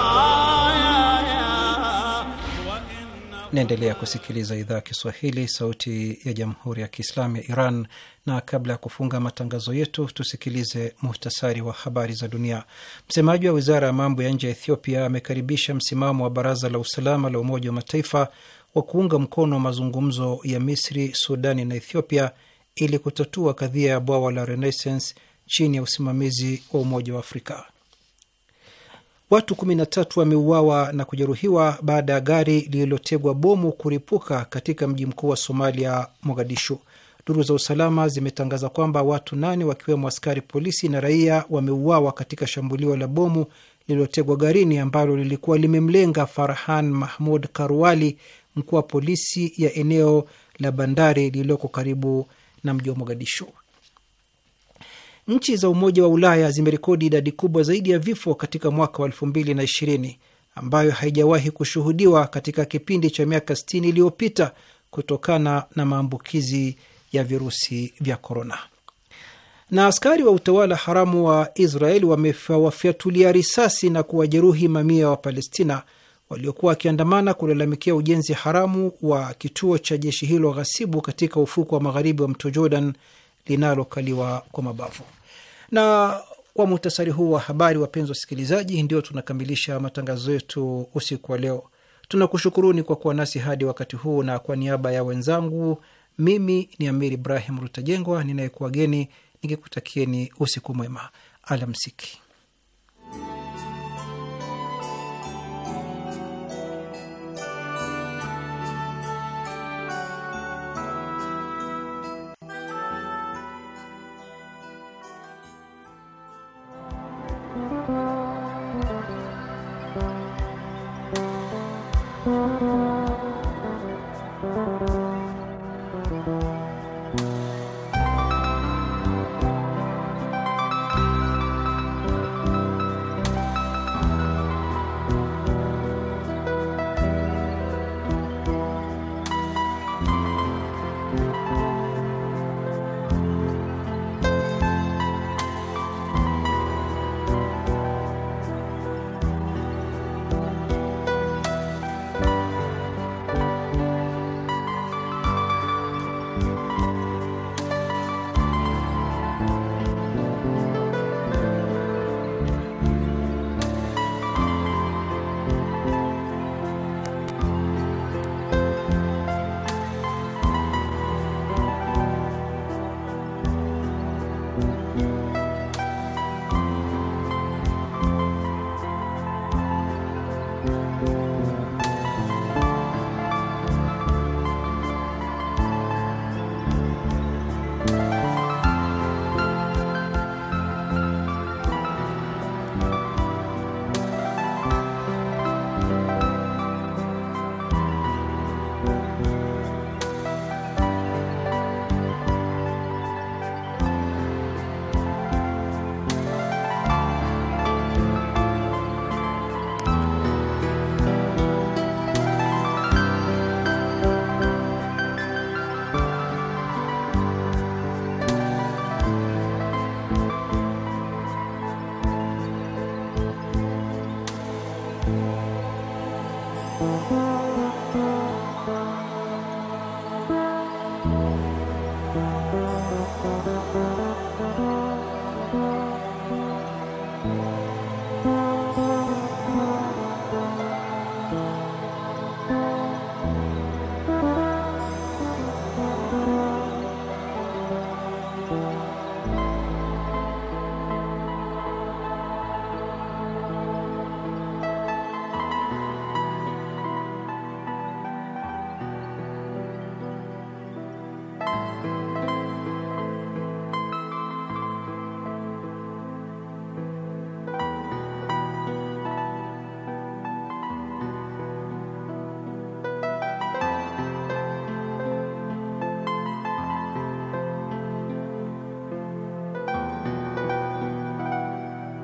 Naendelea kusikiliza idhaa ya Kiswahili, sauti ya jamhuri ya kiislamu ya Iran. Na kabla ya kufunga matangazo yetu, tusikilize muhtasari wa habari za dunia. Msemaji wa wizara ya mambo ya nje ya Ethiopia amekaribisha msimamo wa baraza la usalama la Umoja wa Mataifa wa kuunga mkono mazungumzo ya Misri, Sudani na Ethiopia ili kutatua kadhia ya bwawa la Renaissance chini ya usimamizi wa Umoja wa Afrika. Watu 13 wameuawa na kujeruhiwa baada ya gari lililotegwa bomu kuripuka katika mji mkuu wa Somalia, Mogadishu. Duru za usalama zimetangaza kwamba watu nane wakiwemo askari polisi na raia wameuawa katika shambulio la bomu lililotegwa garini ambalo lilikuwa limemlenga Farhan Mahmud Karwali, mkuu wa polisi ya eneo la bandari lililoko karibu na mji wa Mogadishu. Nchi za Umoja wa Ulaya zimerekodi idadi kubwa zaidi ya vifo katika mwaka wa 2020 ambayo haijawahi kushuhudiwa katika kipindi cha miaka 60 iliyopita kutokana na maambukizi ya virusi vya korona. Na askari wa utawala haramu wa Israeli wamewafyatulia risasi na kuwajeruhi mamia ya Wapalestina waliokuwa wakiandamana kulalamikia ujenzi haramu wa kituo cha jeshi hilo ghasibu katika ufuko wa magharibi wa mto Jordan linalokaliwa kwa mabavu. Na kwa muhtasari huu wa habari, wapenzi wasikilizaji, ndio tunakamilisha matangazo yetu usiku wa leo. Tunakushukuruni kwa kuwa nasi hadi wakati huu, na kwa niaba ya wenzangu, mimi ni Amir Ibrahim Rutajengwa ninayekuwageni nikikutakieni usiku mwema, alamsiki.